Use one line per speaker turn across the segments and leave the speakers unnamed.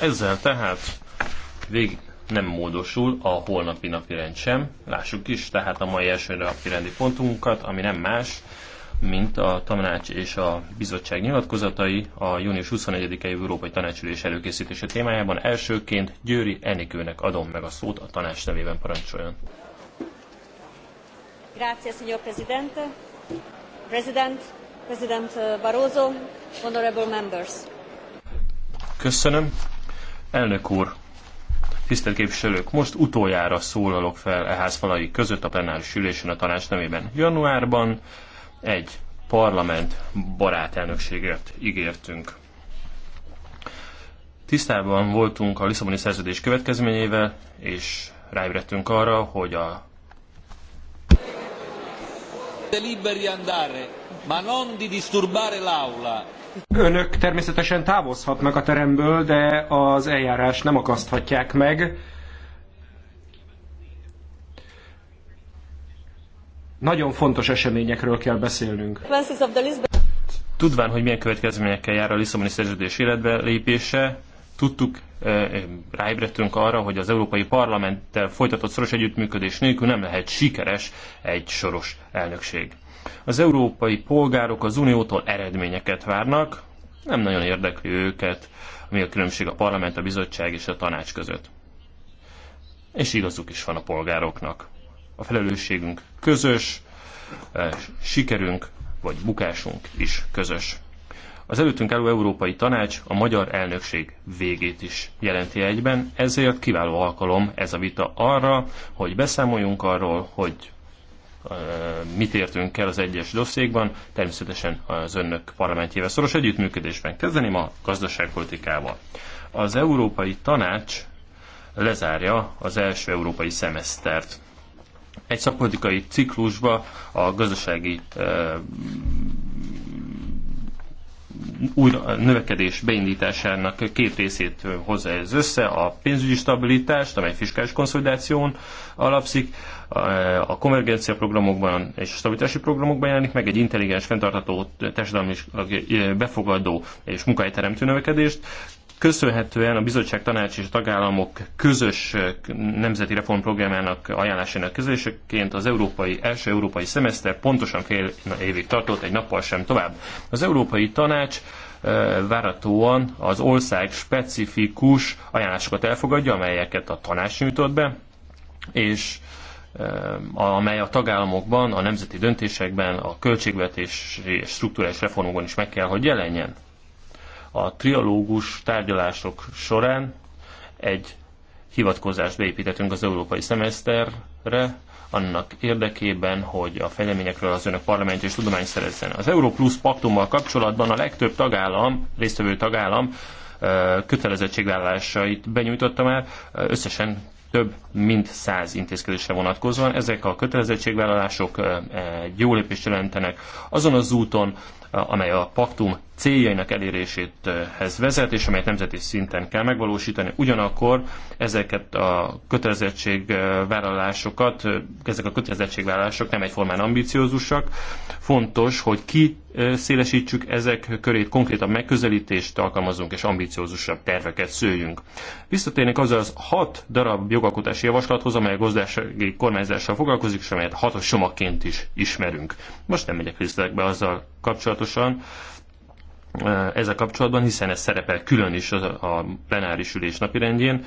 Ezzel tehát vég nem módosul a holnapi napi rend sem. Lássuk is, tehát a mai első napi rendi pontunkat, ami nem más, mint a tanács és a bizottság nyilatkozatai a június 24-i Európai Tanácsülés előkészítése témájában. Elsőként Győri Enikőnek adom meg a szót a tanács nevében parancsoljon.
Grazie, signor Presidente. President, President eh, Barroso, honorable members.
Köszönöm. Elnök úr, tisztelt képviselők, most utoljára szólalok fel e házfalai között a plenáris ülésen a tanács nevében. Januárban egy parlament barátelnökségért ígértünk. Tisztában voltunk a Lisszaboni szerződés következményével, és ráébredtünk arra, hogy
a siete liberi di andare, ma non di disturbare l'aula. Önök természetesen távozhatnak a teremből, de az eljárás nem akaszthatják meg. Nagyon fontos eseményekről kell beszélnünk.
Tudván, hogy milyen következményekkel jár a Lisszaboni szerződés életbe lépése, tudtuk, eh, ráébredtünk arra, hogy az Európai Parlamenttel folytatott szoros együttműködés nélkül nem lehet sikeres egy soros elnökség. Az európai polgárok az Uniótól eredményeket várnak, nem nagyon érdekli őket, mi a különbség a parlament, a bizottság és a tanács között. És igazuk is van a polgároknak. A felelősségünk közös, eh, sikerünk vagy bukásunk is közös. Az előttünk álló Európai Tanács a magyar elnökség végét is jelenti egyben, ezért kiváló alkalom ez a vita arra, hogy beszámoljunk arról, hogy mit értünk el az egyes dosszékban, természetesen az önök parlamentjével szoros együttműködésben. Kezdeném a gazdaságpolitikával. Az Európai Tanács lezárja az első európai szemesztert. Egy szakpolitikai ciklusba a gazdasági újra növekedés beindításának két részét hozza ez össze, a pénzügyi stabilitást, amely fiskális konszolidáción alapszik, a konvergencia programokban és a stabilitási programokban jelenik meg egy intelligens, fenntartható, társadalmi befogadó és munkahelyteremtő növekedést, Köszönhetően a bizottság tanács és a tagállamok közös nemzeti reformprogramjának ajánlásának közöseként az európai, első európai szemeszter pontosan fél évig tartott, egy nappal sem tovább. Az európai tanács váratóan az ország specifikus ajánlásokat elfogadja, amelyeket a tanács nyújtott be, és amely a tagállamokban, a nemzeti döntésekben, a költségvetési és struktúrális reformokon is meg kell, hogy jelenjen a trialógus tárgyalások során egy hivatkozást beépítettünk az európai szemeszterre, annak érdekében, hogy a fejleményekről az önök parlament és tudomány szerezzen. Az Európlusz paktummal kapcsolatban a legtöbb tagállam, résztvevő tagállam kötelezettségvállalásait benyújtotta már, összesen több mint száz intézkedésre vonatkozóan. Ezek a kötelezettségvállalások egy jó lépést jelentenek azon az úton, amely a paktum céljainak eléréséhez vezet, és amelyet nemzeti szinten kell megvalósítani. Ugyanakkor ezeket a kötelezettségvállalásokat, ezek a kötelezettségvállalások nem egyformán ambiciózusak. Fontos, hogy ki szélesítsük ezek körét, konkrétabb megközelítést alkalmazunk, és ambiciózusabb terveket szőjünk. Visszatérnék azaz az hat darab jogalkotási javaslathoz, amely a gazdasági kormányzással foglalkozik, és amelyet hatos csomagként is ismerünk. Most nem megyek részletekbe azzal kapcsolatosan, Eh, ezzel kapcsolatban, hiszen ez szerepel külön is a plenáris ülés napirendjén,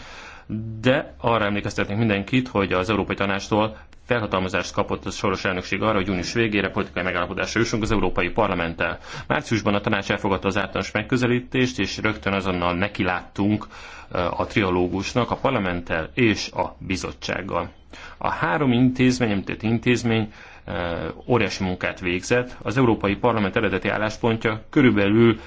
de arra emlékeztetnék mindenkit, hogy az Európai Tanástól felhatalmazást kapott a soros elnökség arra, hogy június végére politikai megállapodásra jussunk az Európai Parlamenttel. Márciusban a tanács elfogadta az általános megközelítést, és rögtön azonnal nekiláttunk eh, a trialógusnak a parlamenttel és a bizottsággal. A három intézmény, említett intézmény óriási munkát végzett. Az Európai Parlament eredeti álláspontja körülbelül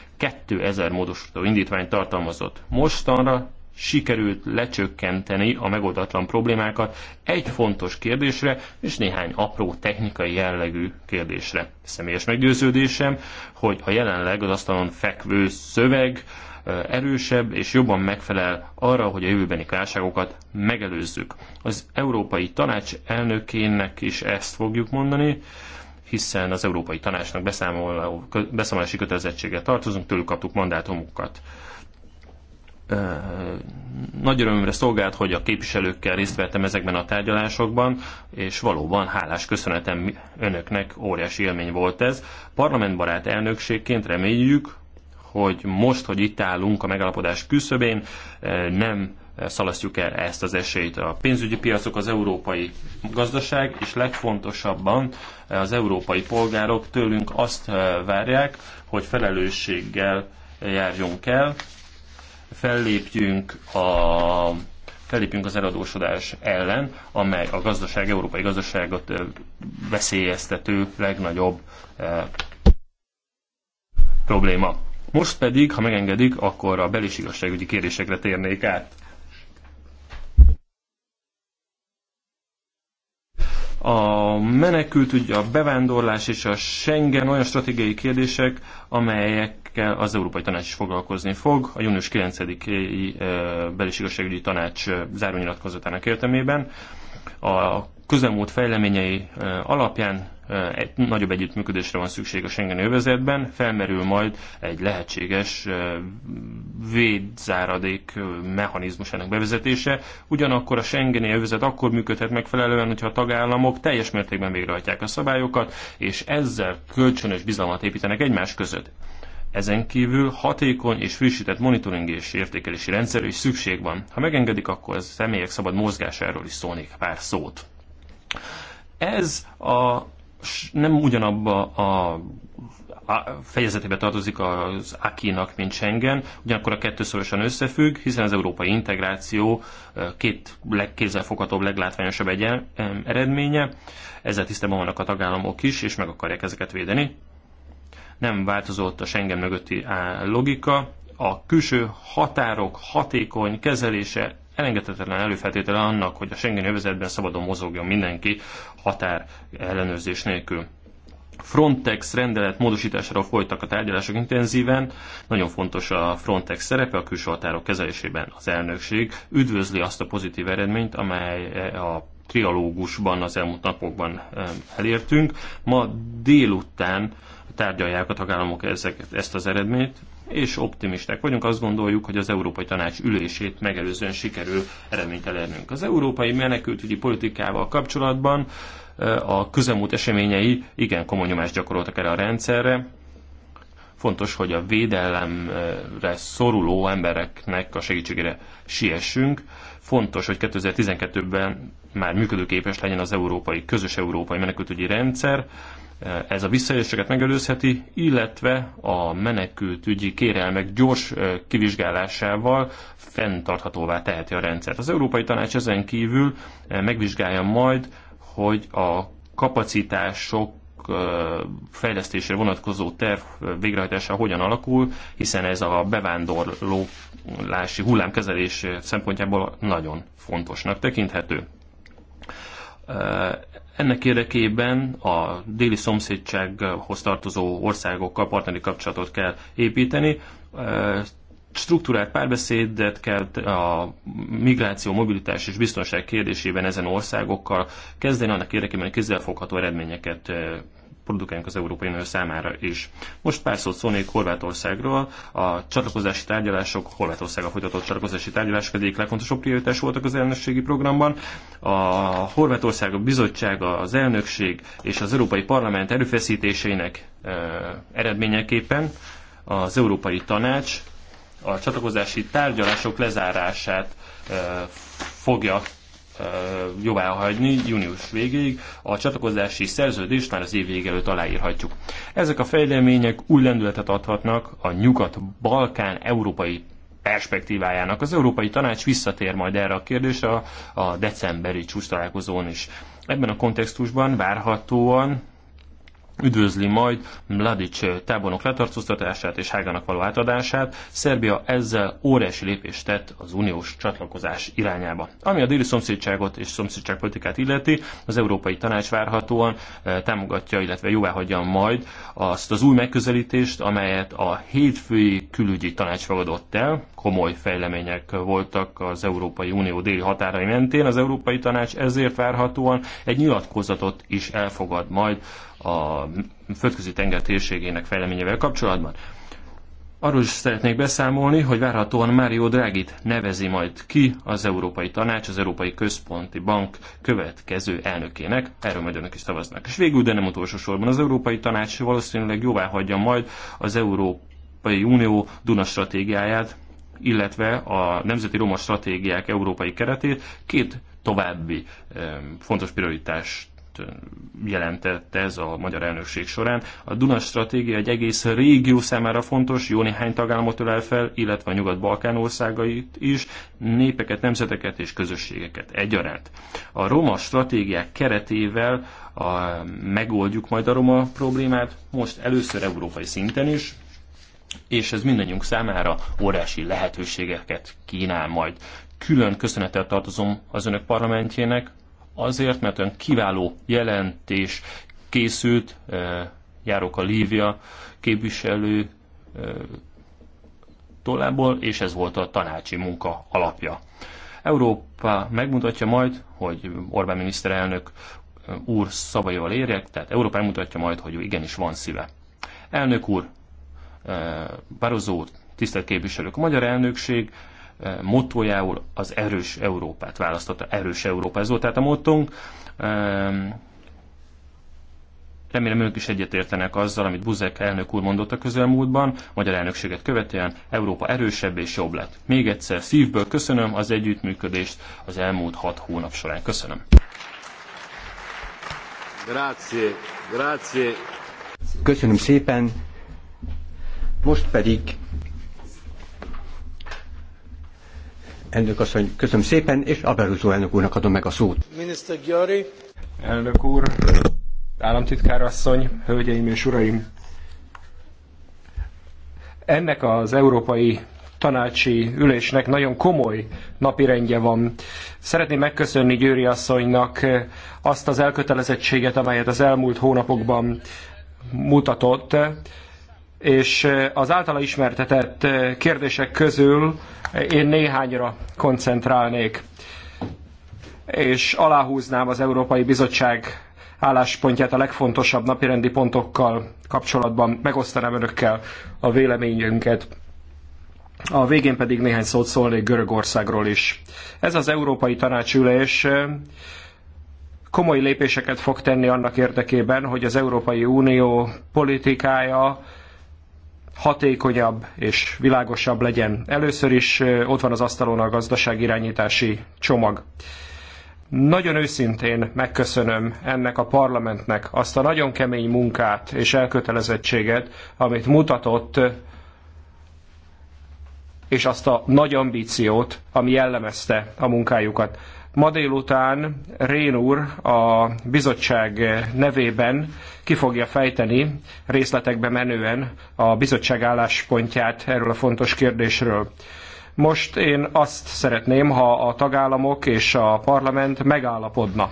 2000 módosító indítványt tartalmazott. Mostanra sikerült lecsökkenteni a megoldatlan problémákat egy fontos kérdésre és néhány apró technikai jellegű kérdésre. Személyes meggyőződésem, hogy a jelenleg az asztalon fekvő szöveg erősebb és jobban megfelel arra, hogy a jövőbeni válságokat megelőzzük. Az Európai Tanács elnökének is ezt fogjuk mondani, hiszen az Európai Tanácsnak beszámolási kötelezettsége tartozunk, tőlük kaptuk mandátumokat. nagy örömömre szolgált, hogy a képviselőkkel részt vettem ezekben a tárgyalásokban, és valóban hálás köszönetem önöknek, óriási élmény volt ez. Parlamentbarát elnökségként reméljük, hogy most, hogy itt állunk a megalapodás küszöbén, eh, nem eh, szalasztjuk el ezt az esélyt. A pénzügyi piacok az európai gazdaság, és legfontosabban eh, az európai polgárok tőlünk azt várják, hogy felelősséggel járjunk el, fellépjünk a fellépjünk az eladósodás ellen, amely a gazdaság, európai gazdaságot veszélyeztető legnagyobb probléma. Most pedig, ha megengedik, akkor a belis igazságügyi kérdésekre térnék át. a menekült ugye a bevándorlás és a Schengen olyan stratégiai kérdések, amelyekkel az Európai Tanács is foglalkozni fog a június 9 i belis igazságügyi tanács zárónyilatkozatának értelmében. A közelmúlt fejleményei alapján egy nagyobb együttműködésre van szükség a Schengen övezetben, felmerül majd egy lehetséges védzáradék mechanizmusának bevezetése. Ugyanakkor a Schengeni övezet akkor működhet megfelelően, hogyha a tagállamok teljes mértékben végrehajtják a szabályokat, és ezzel kölcsönös bizalmat építenek egymás között. Ezen kívül hatékony és frissített monitoring és értékelési rendszer is szükség van. Ha megengedik, akkor a személyek szabad mozgásáról is szólnék pár szót. Ez a nem ugyanabba a fejezetébe tartozik az AKI-nak, mint Schengen, ugyanakkor a kettő szorosan összefügg, hiszen az európai integráció két legkézzelfoghatóbb, leglátványosabb egy eredménye. Ezzel tisztában vannak a tagállamok is, és meg akarják ezeket védeni. Nem változott a Schengen mögötti logika, a külső határok hatékony kezelése elengedhetetlen előfeltétele annak, hogy a Schengen övezetben szabadon mozogjon mindenki határ ellenőrzés nélkül. Frontex rendelet módosítására folytak a tárgyalások intenzíven. Nagyon fontos a Frontex szerepe a külső határok kezelésében. Az elnökség üdvözli azt a pozitív eredményt, amely a trialógusban az elmúlt napokban elértünk. Ma délután tárgyalják a tagállamok ezeket, ezt az eredményt és optimisták vagyunk, azt gondoljuk, hogy az Európai Tanács ülését megelőzően sikerül eredményt elérnünk. Az európai menekültügyi politikával kapcsolatban a közelmúlt eseményei igen komoly nyomást gyakoroltak erre a rendszerre. Fontos, hogy a védelemre szoruló embereknek a segítségére siessünk. Fontos, hogy 2012-ben már működőképes legyen az európai, közös európai menekültügyi rendszer Eh, ez a visszaéléseket megelőzheti, illetve a menekültügyi kérelmek gyors eh, kivizsgálásával fenntarthatóvá teheti a rendszert. Az Európai Tanács ezen kívül eh, megvizsgálja majd, hogy a kapacitások fejlesztésre vonatkozó terv végrehajtása hogyan alakul, hiszen ez a bevándorlási hullámkezelés szempontjából nagyon fontosnak tekinthető ennek érdekében a déli szomszédsághoz tartozó országokkal partneri kapcsolatot kell építeni, struktúrált párbeszédet kell a migráció, mobilitás és biztonság kérdésében ezen országokkal kezdeni, annak érdekében, hogy kézzelfogható eredményeket produkáljunk az Európai Unió számára is. Most pár szót szólnék Horvátországról. A csatlakozási tárgyalások, a folytatott csatlakozási tárgyalások egyik legfontosabb prioritás voltak az elnökségi programban. A Horvátország, a bizottság, az elnökség és az Európai Parlament erőfeszítéseinek e, eredményeképpen az Európai Tanács a csatlakozási tárgyalások lezárását e, fogja jóváhagyni június végéig, a csatlakozási szerződést már az év vége előtt aláírhatjuk. Ezek a fejlemények új lendületet adhatnak a nyugat-balkán európai perspektívájának. Az Európai Tanács visszatér majd erre a kérdésre a, a decemberi csúcs találkozón is. Ebben a kontextusban várhatóan üdvözli majd Mladic tábornok letartóztatását és Hágának való átadását. Szerbia ezzel óriási lépést tett az uniós csatlakozás irányába. Ami a déli szomszédságot és szomszédságpolitikát illeti, az Európai Tanács várhatóan eh, támogatja, illetve jóváhagyja majd azt az új megközelítést, amelyet a hétfői külügyi tanács fogadott el. Komoly fejlemények voltak az Európai Unió déli határai mentén. Az Európai Tanács ezért várhatóan egy nyilatkozatot is elfogad majd a földközi tenger térségének fejleményevel kapcsolatban. Arról is szeretnék beszámolni, hogy várhatóan Mário drágit nevezi majd ki az Európai Tanács, az Európai Központi Bank következő elnökének. Erről majd önök is szavaznak. És végül, de nem utolsó sorban, az Európai Tanács valószínűleg jóvá hagyja majd az Európai Európai Unió Duna stratégiáját, illetve a Nemzeti Roma Stratégiák Európai Keretét két további fontos prioritást jelentett ez a magyar elnökség során. A Duna stratégia egy egész régió számára fontos, jó néhány tagállamot ölel fel, illetve a Nyugat-Balkán országait is, népeket, nemzeteket és közösségeket egyaránt. A roma stratégiák keretével a, megoldjuk majd a roma problémát, most először európai szinten is, és ez mindannyiunk számára óriási lehetőségeket kínál majd. Külön köszönettel tartozom az önök parlamentjének, azért, mert olyan kiváló jelentés készült, eh, járok a Lívia képviselő eh, tollából, és ez volt a tanácsi munka alapja. Európa megmutatja majd, hogy Orbán miniszterelnök eh, úr szavaival érjek, tehát Európa megmutatja majd, hogy igenis van szíve. Elnök úr, Eh, Barozó tisztelt képviselők, a magyar elnökség eh, motójául az erős Európát választotta. Erős Európa, ez volt tehát a mottónk. Remélem önök is egyetértenek azzal, amit Buzek elnök úr mondott a közelmúltban, magyar elnökséget követően Európa erősebb és jobb lett. Még egyszer szívből köszönöm az együttműködést az elmúlt hat hónap során. Köszönöm.
Grazie, grazie.
Köszönöm szépen.
Most pedig Elnök asszony, köszönöm szépen, és Aberuzó elnök úrnak adom meg a szót.
Minister Gyari. Elnök úr, államtitkár asszony, hölgyeim és uraim. Ennek az európai tanácsi ülésnek nagyon komoly napi rendje van. Szeretném megköszönni Győri asszonynak azt az elkötelezettséget, amelyet az elmúlt hónapokban mutatott és eh, az általa ismertetett eh, kérdések közül eh, én néhányra koncentrálnék, és aláhúznám az Európai Bizottság álláspontját a legfontosabb napirendi pontokkal kapcsolatban, megosztanám önökkel a véleményünket. A végén pedig néhány szót szólnék Görögországról is. Ez az Európai Tanácsülés komoly lépéseket fog tenni annak érdekében, hogy az Európai Unió politikája hatékonyabb és világosabb legyen. Először is ott van az asztalon a gazdaságirányítási csomag. Nagyon őszintén megköszönöm ennek a parlamentnek azt a nagyon kemény munkát és elkötelezettséget, amit mutatott, és azt a nagy ambíciót, ami jellemezte a munkájukat. Ma délután Rén úr a bizottság nevében ki fogja fejteni részletekbe menően a bizottság álláspontját erről a fontos kérdésről. Most én azt szeretném, ha a tagállamok és a parlament megállapodna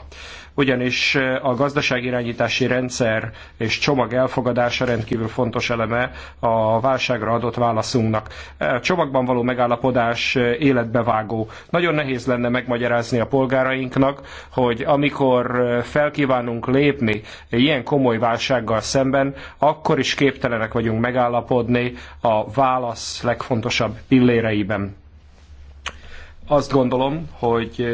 ugyanis eh, a gazdaságirányítási rendszer és csomag elfogadása rendkívül fontos eleme a válságra adott válaszunknak. Eh, a csomagban való megállapodás eh, életbevágó. Nagyon nehéz lenne megmagyarázni a polgárainknak, hogy amikor felkívánunk lépni ilyen komoly válsággal szemben, akkor is képtelenek vagyunk megállapodni a válasz legfontosabb pilléreiben. Azt gondolom, hogy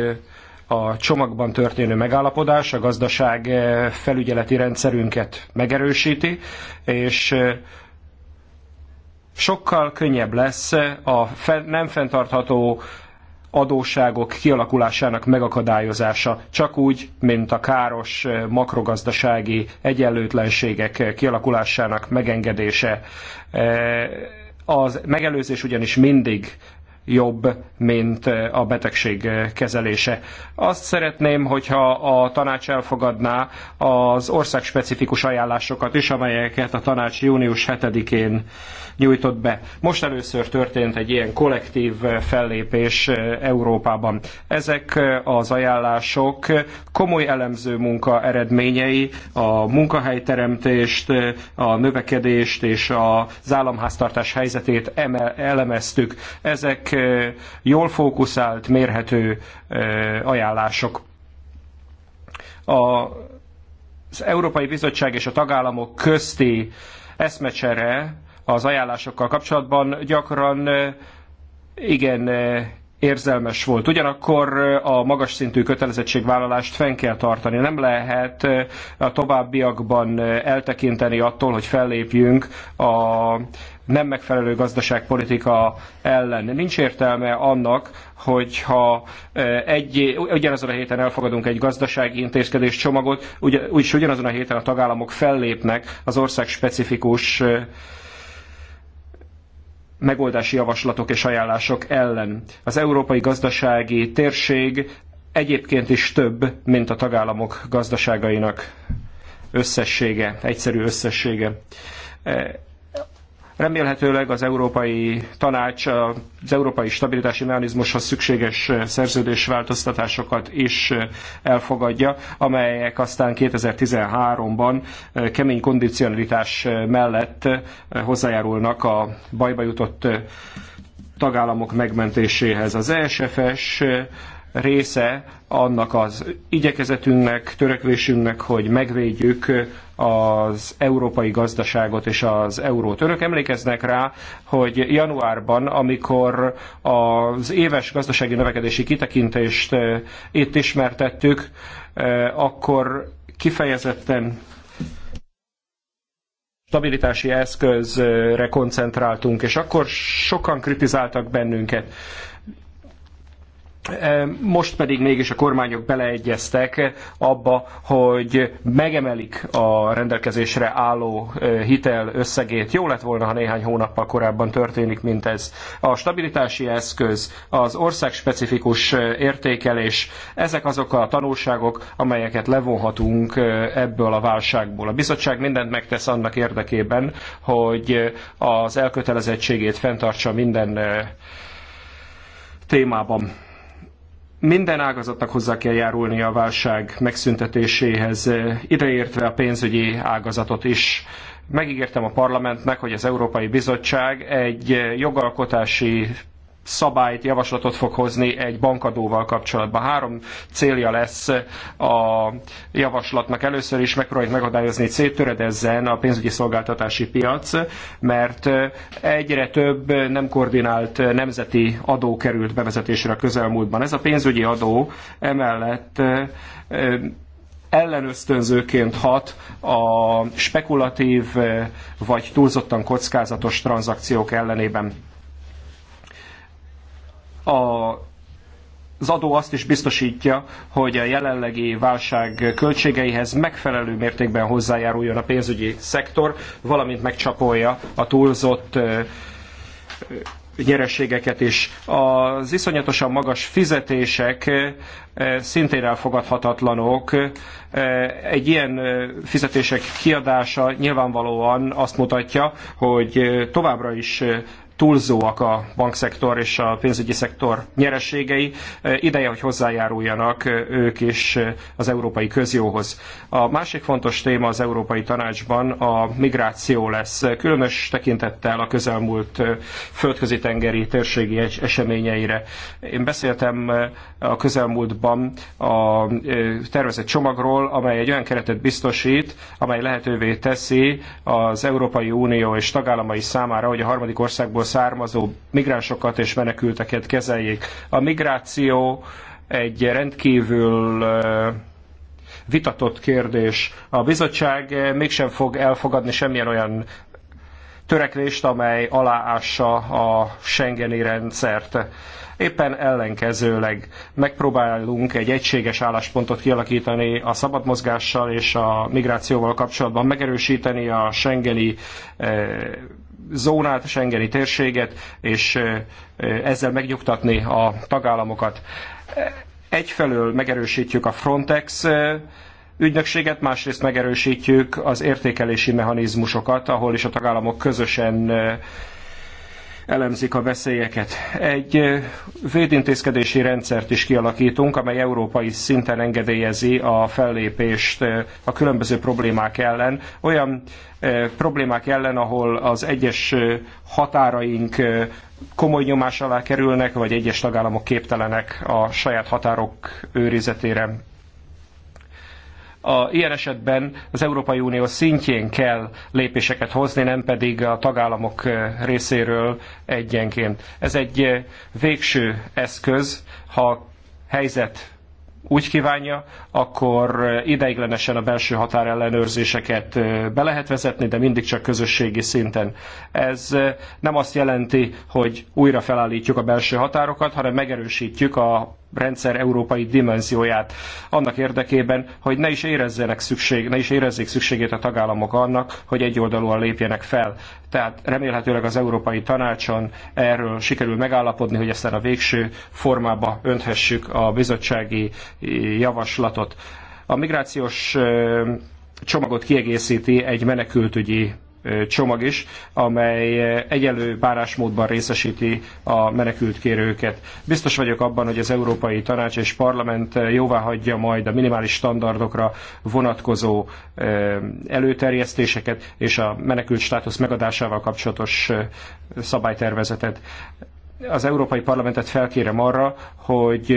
a csomagban történő megállapodás a gazdaság eh, felügyeleti rendszerünket megerősíti, és eh, sokkal könnyebb lesz a nem fenntartható adósságok kialakulásának megakadályozása, csak úgy, mint a káros eh, makrogazdasági egyenlőtlenségek kialakulásának megengedése. Az megelőzés ugyanis mindig jobb, mint a betegség kezelése. Azt szeretném, hogyha a tanács elfogadná az országspecifikus ajánlásokat is, amelyeket a tanács június 7-én nyújtott be. Most először történt egy ilyen kollektív fellépés Európában. Ezek az ajánlások komoly elemző munka eredményei, a munkahelyteremtést, a növekedést és az államháztartás helyzetét elemeztük. Ezek jól fókuszált, mérhető ajánlások. A, az Európai Bizottság és a tagállamok közti eszmecsere az ajánlásokkal kapcsolatban gyakran igen érzelmes volt. Ugyanakkor a magas szintű kötelezettségvállalást fenn kell tartani. Nem lehet a továbbiakban eltekinteni attól, hogy fellépjünk a nem megfelelő gazdaságpolitika ellen. Nincs értelme annak, hogyha egy, ugyanazon a héten elfogadunk egy gazdasági intézkedés csomagot, úgyis ugyanazon a héten a tagállamok fellépnek az ország specifikus megoldási javaslatok és ajánlások ellen. Az európai gazdasági térség egyébként is több, mint a tagállamok gazdaságainak összessége, egyszerű összessége. Remélhetőleg az Európai Tanács az Európai Stabilitási Mechanizmushoz szükséges szerződés változtatásokat is elfogadja, amelyek aztán 2013-ban kemény kondicionalitás mellett hozzájárulnak a bajba jutott tagállamok megmentéséhez. Az ESFS része annak az igyekezetünknek, törekvésünknek, hogy megvédjük az európai gazdaságot és az eurót. Önök emlékeznek rá, hogy januárban, amikor az éves gazdasági növekedési kitekintést eh, itt ismertettük, eh, akkor kifejezetten stabilitási eszközre koncentráltunk, és akkor sokan kritizáltak bennünket. Most pedig mégis a kormányok beleegyeztek abba, hogy megemelik a rendelkezésre álló hitel összegét. Jó lett volna, ha néhány hónappal korábban történik, mint ez. A stabilitási eszköz, az országspecifikus értékelés, ezek azok a tanulságok, amelyeket levonhatunk ebből a válságból. A bizottság mindent megtesz annak érdekében, hogy az elkötelezettségét fenntartsa minden témában minden ágazatnak hozzá kell járulni a válság megszüntetéséhez, eh, ideértve a pénzügyi ágazatot is. Megígértem a parlamentnek, hogy az Európai Bizottság egy eh, jogalkotási szabályt, javaslatot fog hozni egy bankadóval kapcsolatban. Három célja lesz a javaslatnak. Először is megpróbáljuk megadályozni, hogy széttöredezzen a pénzügyi szolgáltatási piac, mert egyre több nem koordinált nemzeti adó került bevezetésre a közelmúltban. Ez a pénzügyi adó emellett eh, ellenösztönzőként hat a spekulatív eh, vagy túlzottan kockázatos tranzakciók ellenében. A az adó azt is biztosítja, hogy a jelenlegi válság költségeihez megfelelő mértékben hozzájáruljon a pénzügyi szektor, valamint megcsapolja a túlzott nyereségeket is. Az iszonyatosan magas fizetések szintén elfogadhatatlanok. Egy ilyen fizetések kiadása nyilvánvalóan azt mutatja, hogy továbbra is túlzóak a bankszektor és a pénzügyi szektor nyereségei. E, ideje, hogy hozzájáruljanak e, ők is e, az európai közjóhoz. A másik fontos téma az Európai Tanácsban a migráció lesz. Különös tekintettel a közelmúlt földközi tengeri térségi eseményeire. Én beszéltem a közelmúltban a tervezett csomagról, amely egy olyan keretet biztosít, amely lehetővé teszi az Európai Unió és tagállamai számára, hogy a harmadik országból származó migránsokat és menekülteket kezeljék. A migráció egy rendkívül vitatott kérdés. A bizottság mégsem fog elfogadni semmilyen olyan törekvést, amely aláássa a Schengeni rendszert. Éppen ellenkezőleg megpróbálunk egy egységes álláspontot kialakítani a szabad mozgással és a migrációval kapcsolatban, megerősíteni a Schengeni zónát, a Schengeni térséget, és ezzel megnyugtatni a tagállamokat. Egyfelől megerősítjük a Frontex ügynökséget, másrészt megerősítjük az értékelési mechanizmusokat, ahol is a tagállamok közösen elemzik a veszélyeket. Egy védintézkedési rendszert is kialakítunk, amely európai szinten engedélyezi a fellépést a különböző problémák ellen. Olyan problémák ellen, ahol az egyes határaink komoly nyomás alá kerülnek, vagy egyes tagállamok képtelenek a saját határok őrizetére a, ilyen esetben az Európai Unió szintjén kell lépéseket hozni, nem pedig a tagállamok eh, részéről egyenként. Ez egy eh, végső eszköz, ha helyzet úgy kívánja, akkor eh, ideiglenesen a belső határellenőrzéseket be lehet vezetni, de mindig csak közösségi szinten. Ez nem azt jelenti, hogy újra felállítjuk a belső határokat, hanem megerősítjük a rendszer európai dimenzióját annak érdekében, hogy ne is érezzenek szükség, ne is érezzék szükségét a tagállamok annak, hogy egyoldalúan lépjenek fel. Tehát remélhetőleg az Európai Tanácson erről sikerül megállapodni, hogy aztán a végső formába önthessük a bizottsági eh, javaslatot. A migrációs eh, csomagot kiegészíti egy menekültügyi csomag is, amely egyelő bánásmódban részesíti a menekültkérőket. Biztos vagyok abban, hogy az Európai Tanács és Parlament hagyja majd a minimális standardokra vonatkozó előterjesztéseket és a menekült státusz megadásával kapcsolatos szabálytervezetet az Európai Parlamentet felkérem arra, hogy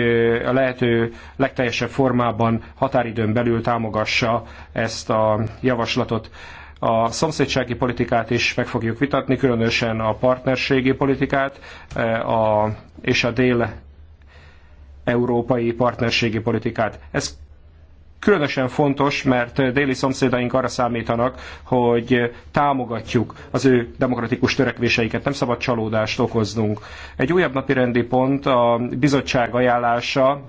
a lehető legteljesebb formában határidőn belül támogassa ezt a javaslatot. A szomszédsági politikát is meg fogjuk vitatni, különösen a partnerségi politikát e, a, és a dél-európai partnerségi politikát. Ez különösen fontos, mert déli szomszédaink arra számítanak, hogy támogatjuk az ő demokratikus törekvéseiket, nem szabad csalódást okoznunk. Egy újabb napirendi pont a bizottság ajánlása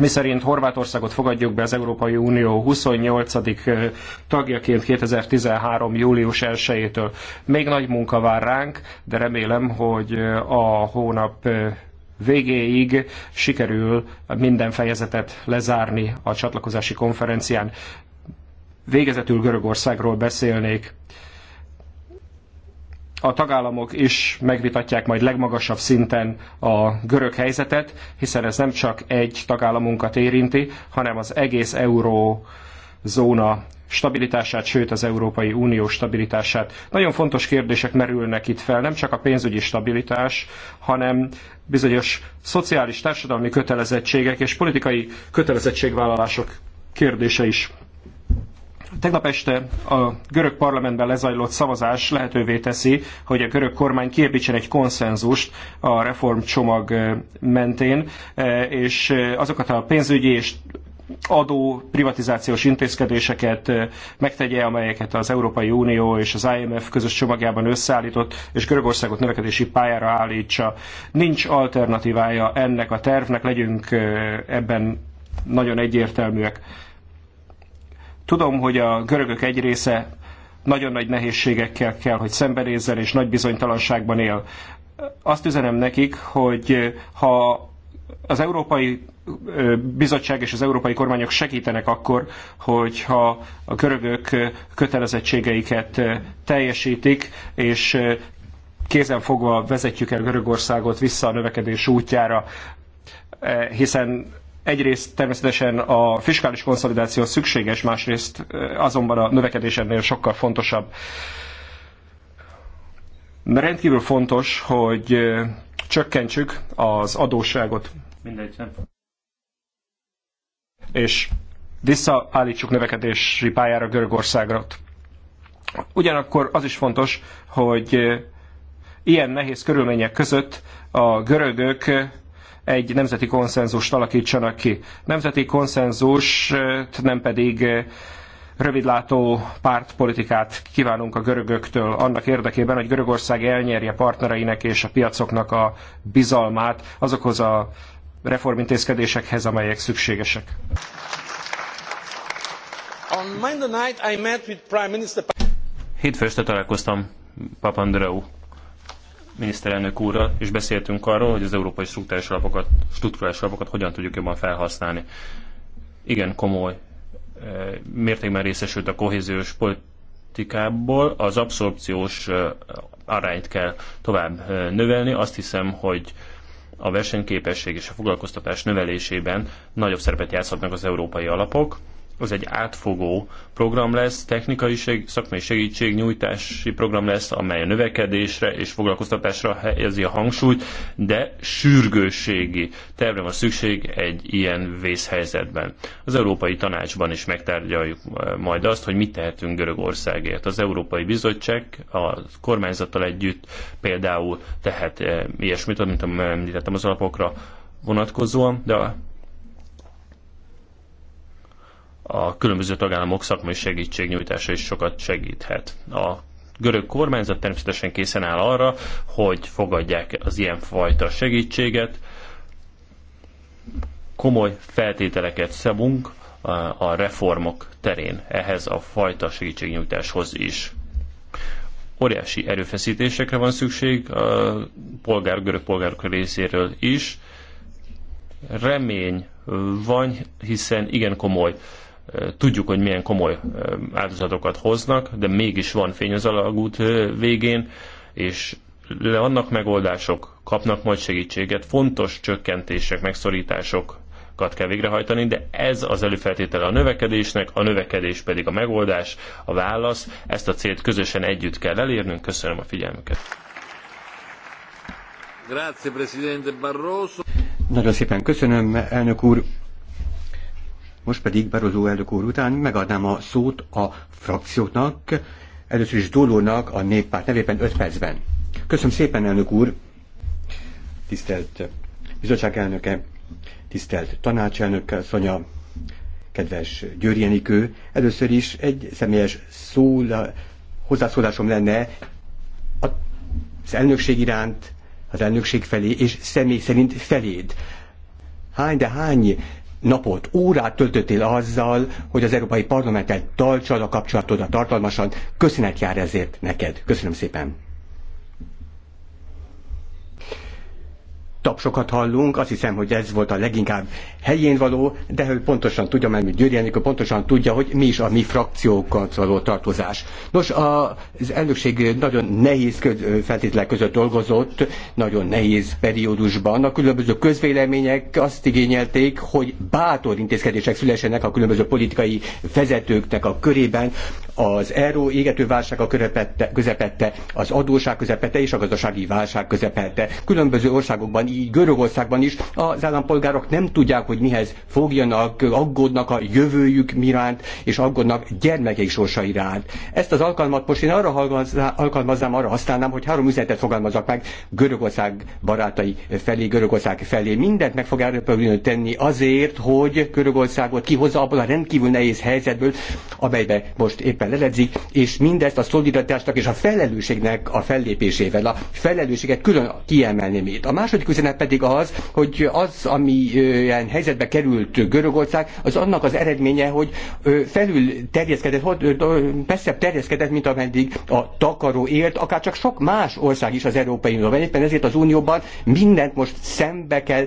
miszerint Horvátországot fogadjuk be az Európai Unió 28. tagjaként 2013. július 1-től. Még nagy munka vár ránk, de remélem, hogy a hónap végéig sikerül minden fejezetet lezárni a csatlakozási konferencián. Végezetül Görögországról beszélnék a tagállamok is megvitatják majd legmagasabb szinten a görög helyzetet, hiszen ez nem csak egy tagállamunkat érinti, hanem az egész eurózóna stabilitását, sőt az Európai Unió stabilitását. Nagyon fontos kérdések merülnek itt fel, nem csak a pénzügyi stabilitás, hanem bizonyos szociális, társadalmi kötelezettségek és politikai kötelezettségvállalások kérdése is. Tegnap este a görög parlamentben lezajlott szavazás lehetővé teszi, hogy a görög kormány kiépítsen egy konszenzust a reformcsomag eh, mentén, eh, és eh, azokat a pénzügyi és adó privatizációs intézkedéseket megtegye, amelyeket az Európai Unió és az IMF közös csomagjában összeállított, és Görögországot növekedési pályára állítsa. Nincs alternatívája ennek a tervnek, legyünk ebben nagyon egyértelműek Tudom, hogy a görögök egy része nagyon nagy nehézségekkel kell, hogy szembenézzen, és nagy bizonytalanságban él. Azt üzenem nekik, hogy ha az Európai Bizottság és az európai kormányok segítenek akkor, hogyha a görögök kötelezettségeiket teljesítik, és fogva vezetjük el Görögországot vissza a növekedés útjára, hiszen Egyrészt természetesen a fiskális konszolidáció szükséges, másrészt azonban a növekedés ennél sokkal fontosabb. Rendkívül fontos, hogy csökkentsük az adósságot. Mindegy, nem. És visszaállítsuk növekedési pályára Görögországra. Ugyanakkor az is fontos, hogy ilyen nehéz körülmények között a görögök egy nemzeti konszenzust alakítsanak ki. Nemzeti konszenzus, nem pedig eh, rövidlátó pártpolitikát kívánunk a görögöktől annak érdekében, hogy Görögország elnyerje partnereinek és a piacoknak a bizalmát azokhoz a reformintézkedésekhez, amelyek szükségesek.
Hétfő este találkoztam
Papandreou
miniszterelnök úrral, és beszéltünk arról, hogy az európai struktúrális alapokat, struktúrális alapokat hogyan tudjuk jobban felhasználni. Igen, komoly eh, mértékben részesült a kohéziós politikából, az abszorpciós eh, arányt kell tovább eh, növelni. Azt hiszem, hogy a versenyképesség és a foglalkoztatás növelésében nagyobb szerepet játszhatnak az európai alapok az egy átfogó program lesz, technikai seg, szakmai segítségnyújtási program lesz, amely a növekedésre és foglalkoztatásra helyezi a hangsúlyt, de sürgősségi tervre van szükség egy ilyen vészhelyzetben. Az Európai Tanácsban is megtárgyaljuk eh, majd azt, hogy mit tehetünk Görögországért. Az Európai Bizottság a kormányzattal együtt például tehet eh, ilyesmit, amit említettem az alapokra vonatkozóan, de a különböző tagállamok szakmai segítségnyújtása is sokat segíthet. A görög kormányzat természetesen készen áll arra, hogy fogadják az ilyenfajta segítséget. Komoly feltételeket szabunk a reformok terén ehhez a fajta segítségnyújtáshoz is. Óriási erőfeszítésekre van szükség a polgár, görög polgárok részéről is. Remény van, hiszen igen komoly uh, Tudjuk, hogy milyen komoly áldozatokat hoznak, de mégis van fény az alagút végén, és vannak megoldások, kapnak majd segítséget, fontos csökkentések, megszorítások kell végrehajtani, de ez az előfeltétele a növekedésnek, a növekedés pedig a megoldás, a válasz. Ezt a célt közösen együtt kell elérnünk. Köszönöm a figyelmüket.
Grazie, Presidente Barroso.
Nagyon szépen köszönöm, elnök úr. Most pedig Barozó elnök úr után megadnám a szót a frakcióknak, először is Dólónak a néppárt nevében 5 percben. Köszönöm szépen, elnök úr! Tisztelt bizottság elnöke, tisztelt tanácselnök Szonya, kedves Győri Enikő, először is egy személyes szól, hozzászólásom lenne az elnökség iránt, az elnökség felé, és személy szerint feléd. Hány, de hány napot, órát töltöttél azzal, hogy az Európai parlamentet tartsad a kapcsolatodat tartalmasan. Köszönet jár ezért neked. Köszönöm szépen. tapsokat hallunk, azt hiszem, hogy ez volt a leginkább helyén való, de hogy pontosan tudja, mert Győri Enikő pontosan tudja, hogy mi is a mi frakciókat való tartozás. Nos, az elnökség nagyon nehéz feltételek között dolgozott, nagyon nehéz periódusban. A különböző közvélemények azt igényelték, hogy bátor intézkedések szülessenek a különböző politikai vezetőknek a körében, az ERO égető válsága közepette, közepette, az adóság közepette és a gazdasági válság közepette. Különböző országokban így Görögországban is az állampolgárok nem tudják, hogy mihez fogjanak, aggódnak a jövőjük miránt, és aggódnak gyermekeik sorsa iránt. Ezt az alkalmat most én arra alkalmaznám, arra használnám, hogy három üzenetet fogalmazok meg Görögország barátai felé, Görögország felé. Mindent meg fog Európai tenni azért, hogy Görögországot kihozza abból a rendkívül nehéz helyzetből, amelybe most éppen leledzik, és mindezt a szolidaritásnak és a felelősségnek a fellépésével, a felelősséget külön kiemelném itt. A második üzenet probléma pedig az, hogy az, ami ilyen helyzetbe került Görögország, az annak az eredménye, hogy felül terjeszkedett, messzebb terjeszkedett, mint ameddig a takaró élt, akár csak sok más ország is az Európai Unióban. Éppen ezért az Unióban mindent most szembe kell,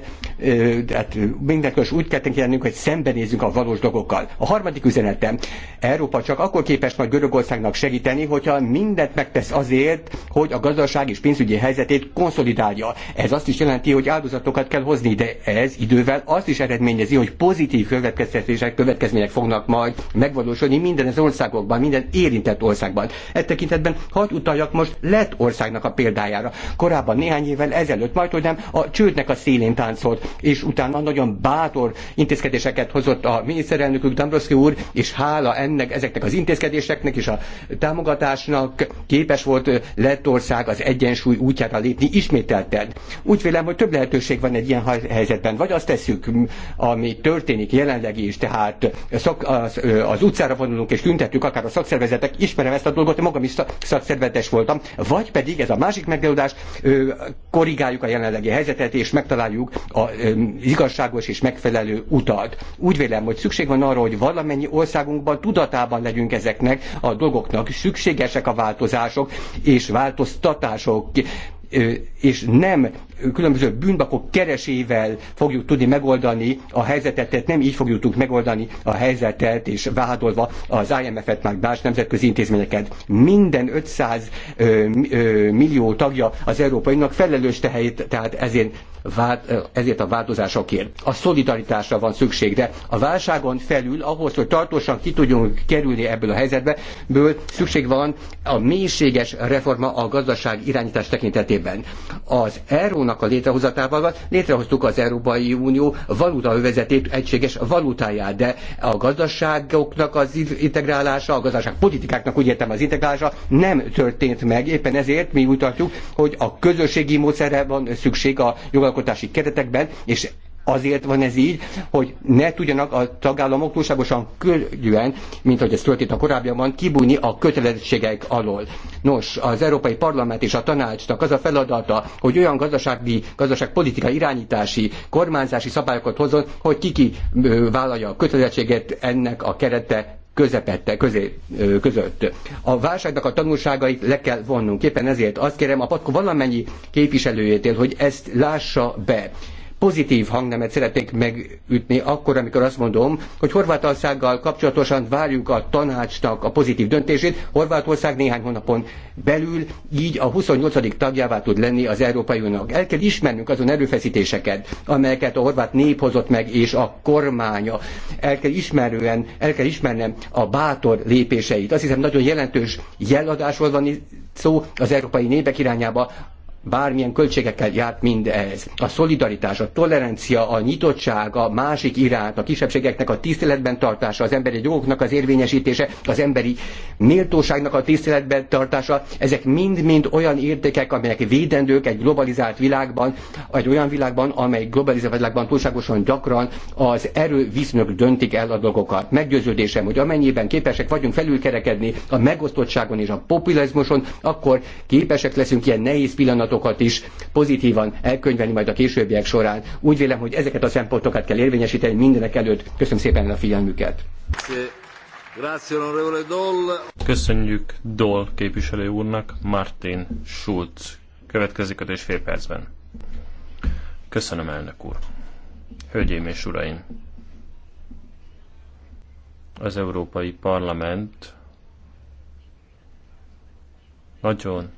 hát mindent most úgy kell tekintenünk, hogy szembenézzünk a valós dolgokkal. A harmadik üzenetem, Európa csak akkor képes majd Görögországnak segíteni, hogyha mindent megtesz azért, hogy a gazdaság és pénzügyi helyzetét konszolidálja. Ez azt is jelenti, jelenti, hogy áldozatokat kell hozni, de ez idővel azt is eredményezi, hogy pozitív következtetések, következmények fognak majd megvalósulni minden az országokban, minden érintett országban. E tekintetben hagy utaljak most lett országnak a példájára. Korábban néhány évvel ezelőtt majd, hogy nem a csődnek a szélén táncolt, és utána nagyon bátor intézkedéseket hozott a miniszterelnökük Dambroszki úr, és hála ennek, ezeknek az intézkedéseknek és a támogatásnak képes volt Lettország az egyensúly útjára lépni ismételten. Úgy vélem, igazából több lehetőség van egy ilyen helyzetben. Vagy azt tesszük, ami történik jelenleg is, tehát az, az utcára vonulunk és tüntetünk, akár a szakszervezetek, ismerem ezt a dolgot, magam is szakszervezetes voltam, vagy pedig ez a másik megoldás, korrigáljuk a jelenlegi helyzetet, és megtaláljuk az igazságos és megfelelő utat. Úgy vélem, hogy szükség van arra, hogy valamennyi országunkban tudatában legyünk ezeknek a dolgoknak. Szükségesek a változások és változtatások és nem különböző bűnbakok keresével fogjuk tudni megoldani a helyzetet, tehát nem így fogjuk tudni megoldani a helyzetet, és vádolva az IMF-et, meg más nemzetközi intézményeket. Minden 500 millió tagja az Európai Uniónak felelős tehelyét, tehát ezért vád, ezért a változásokért. A szolidaritásra van szükség, de a válságon felül ahhoz, hogy tartósan ki tudjunk kerülni ebből a helyzetből, szükség van a mélységes reforma a gazdaság irányítás tekintetében. Az eurónak a létrehozatával létrehoztuk az Európai Unió valutaövezetét, egységes valutáját, de a gazdaságoknak az integrálása, a gazdaság politikáknak úgy értem az integrálása nem történt meg. Éppen ezért mi mutatjuk, hogy a közösségi módszerre van szükség a jogalkotás jogalkotási keretekben, és Azért van ez így, hogy ne tudjanak a tagállamok túlságosan körülön, mint hogy ez történt a korábbiakban, kibújni a kötelezettségek alól. Nos, az Európai Parlament és a tanácsnak az a feladata, hogy olyan gazdasági, gazdaságpolitika irányítási, kormányzási szabályokat hozzon, hogy kiki vállalja a kötelezettséget ennek a kerete közepette, közé, között. A válságnak a tanulságait le kell vonnunk. Éppen ezért azt kérem a PATKO valamennyi képviselőjétől, hogy ezt lássa be pozitív hangnemet szeretnék megütni akkor, amikor azt mondom, hogy Horvátországgal kapcsolatosan várjuk a tanácsnak a pozitív döntését. Horvátország néhány hónapon belül így a 28. tagjává tud lenni az Európai Uniónak. El kell ismernünk azon erőfeszítéseket, amelyeket a horvát nép hozott meg, és a kormánya. El kell, ismerően, el kell ismernem a bátor lépéseit. Azt hiszem, nagyon jelentős jeladásról van szó az európai népek irányába, bármilyen költségekkel járt mindez. A szolidaritás, a tolerancia, a nyitottság, a másik iránt, a kisebbségeknek a tiszteletben tartása, az emberi jogoknak az érvényesítése, az emberi méltóságnak a tiszteletben tartása, ezek mind-mind olyan értékek, amelyek védendők egy globalizált világban, egy olyan világban, amely globalizált világban túlságosan gyakran az erőviszonyok döntik el a dolgokat. Meggyőződésem, hogy amennyiben képesek vagyunk felülkerekedni a megosztottságon és a populizmuson, akkor képesek leszünk ilyen nehéz pillanat szempontokat is pozitívan elkönyvelni majd a későbbiek során. Úgy vélem, hogy ezeket a szempontokat kell érvényesíteni mindenek előtt. Köszönöm szépen a figyelmüket.
Köszönjük Dol képviselő úrnak, Martin Schulz. Következik a és fél percben. Köszönöm, elnök úr. Hölgyeim és uraim! Az Európai Parlament nagyon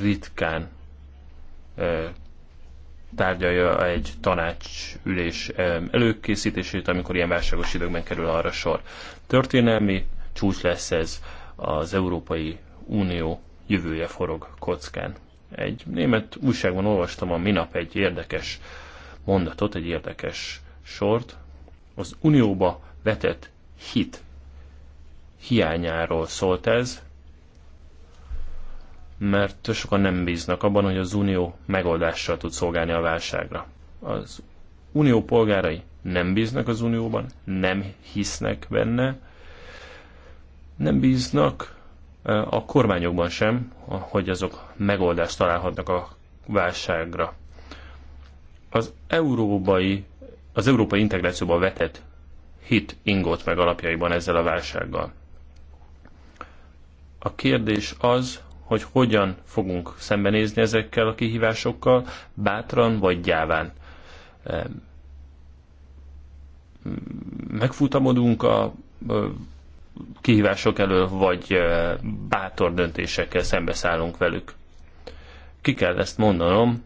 ritkán tárgyalja egy tanácsülés előkészítését, amikor ilyen válságos időkben kerül arra sor. Történelmi csúcs lesz ez az Európai Unió jövője forog kockán. Egy német újságban olvastam a minap egy érdekes mondatot, egy érdekes sort. Az Unióba vetett hit hiányáról szólt ez, mert sokan nem bíznak abban, hogy az Unió megoldással tud szolgálni a válságra. Az Unió polgárai nem bíznak az Unióban, nem hisznek benne, nem bíznak e, a kormányokban sem, hogy azok megoldást találhatnak a válságra. Az európai, az európai integrációba vetett hit ingott meg alapjaiban ezzel a válsággal. A kérdés az, hogy hogyan fogunk szembenézni ezekkel a kihívásokkal, bátran vagy gyáván. Megfutamodunk a kihívások elől, vagy bátor döntésekkel szembeszállunk velük. Ki kell ezt mondanom,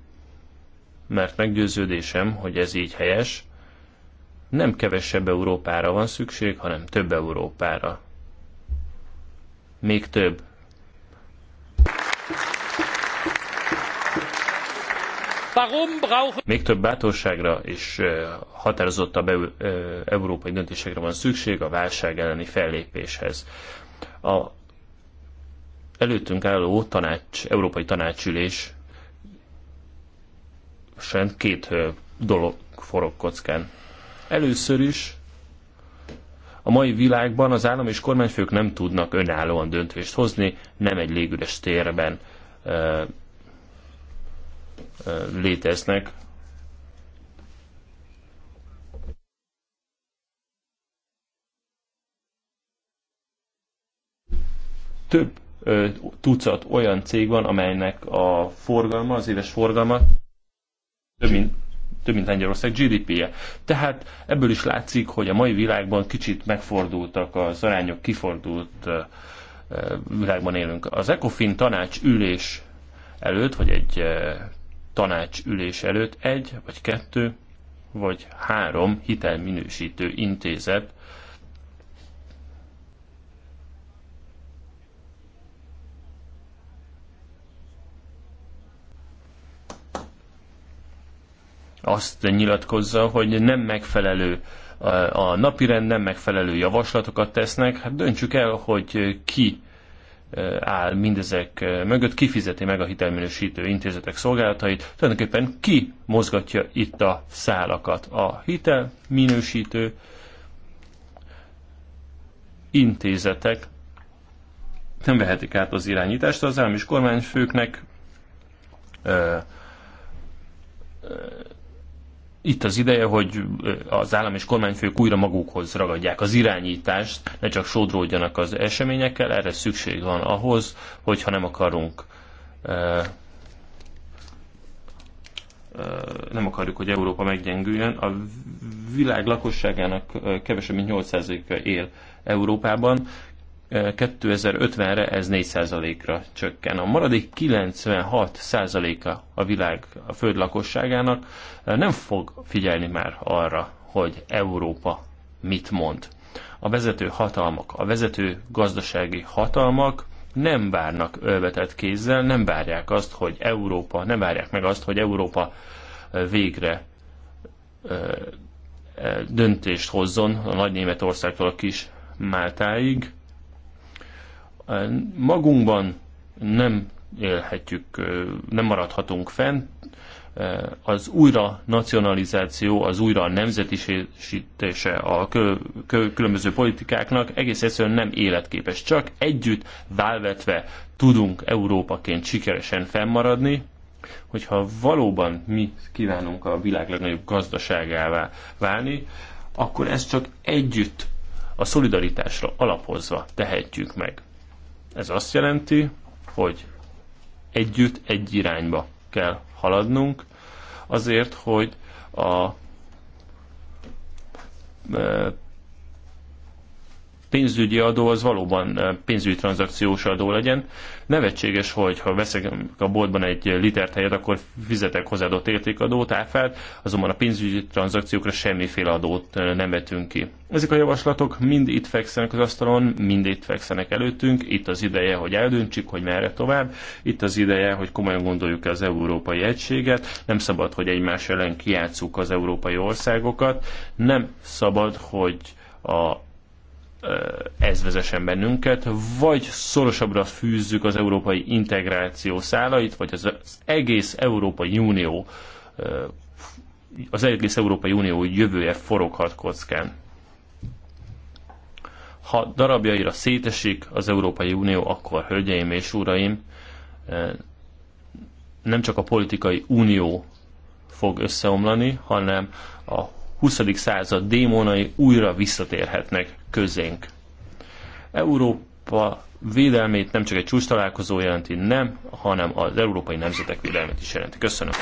mert meggyőződésem, hogy ez így helyes. Nem kevesebb Európára van szükség, hanem több Európára. Még több Még több bátorságra és határozottabb európai döntésekre van szükség a válság elleni fellépéshez. A előttünk álló tanács, európai tanácsülés sen két dolog forog kockán. Először is a mai világban az állam és kormányfők nem tudnak önállóan döntést hozni, nem egy légüres térben léteznek. Több tucat olyan cég van, amelynek a forgalma, az éves forgalma több mint, több mint Lengyelország GDP-je. Tehát ebből is látszik, hogy a mai világban kicsit megfordultak az arányok, kifordult világban élünk. Az ECOFIN tanács ülés előtt, vagy egy Tanács ülés előtt egy, vagy kettő, vagy három hitelminősítő intézet azt nyilatkozza, hogy nem megfelelő a napirend, nem megfelelő javaslatokat tesznek. Hát döntsük el, hogy ki Eh, áll mindezek eh, mögött, kifizeti meg a hitelminősítő intézetek szolgálatait, tulajdonképpen ki mozgatja itt a szálakat. A hitelminősítő intézetek nem vehetik át az irányítást, az állam és kormányfőknek eh, itt az ideje, hogy az állam és kormányfők újra magukhoz ragadják az irányítást, ne csak sodródjanak az eseményekkel, erre szükség van ahhoz, hogyha nem akarunk nem akarjuk, hogy Európa meggyengüljön. A világ lakosságának kevesebb, mint 8%-a él Európában. 2050-re ez 4%-ra csökken. A maradék 96%-a a világ a föld lakosságának eh, nem fog figyelni már arra, hogy Európa mit mond. A vezető hatalmak, a vezető gazdasági hatalmak nem várnak ölvetett kézzel, nem várják azt, hogy Európa, nem várják meg azt, hogy Európa eh, végre eh, döntést hozzon a nagy Németországtól a kis Máltáig, magunkban nem élhetjük, nem maradhatunk fent, az újra nacionalizáció, az újra nemzetisítése a különböző politikáknak egész egyszerűen nem életképes. Csak együtt válvetve tudunk Európaként sikeresen fennmaradni, hogyha valóban mi kívánunk a világ legnagyobb gazdaságává válni, akkor ezt csak együtt a szolidaritásra alapozva tehetjük meg. Ez azt jelenti, hogy együtt egy irányba kell haladnunk, azért, hogy a e, pénzügyi adó az valóban eh, pénzügyi tranzakciós adó legyen. Nevetséges, hogy ha veszek a boltban egy liter helyet, akkor fizetek hozzáadott értékadót, áfát, azonban a pénzügyi tranzakciókra semmiféle adót eh, nem vetünk ki. Ezek a javaslatok mind itt fekszenek az asztalon, mind itt fekszenek előttünk, itt az ideje, hogy eldöntsük, hogy merre tovább, itt az ideje, hogy komolyan gondoljuk az európai egységet, nem szabad, hogy egymás ellen kiátszuk az európai országokat, nem szabad, hogy a ez vezessen bennünket, vagy szorosabbra fűzzük az európai integráció szálait, vagy az, egész Európai Unió az egész Európai Unió jövője foroghat kockán. Ha darabjaira szétesik az Európai Unió, akkor, hölgyeim és uraim, nem csak a politikai unió fog összeomlani, hanem a 20. század démonai újra visszatérhetnek közénk. Európa védelmét nem csak egy csúcs találkozó jelenti, nem, hanem az európai nemzetek védelmét is jelenti. Köszönöm.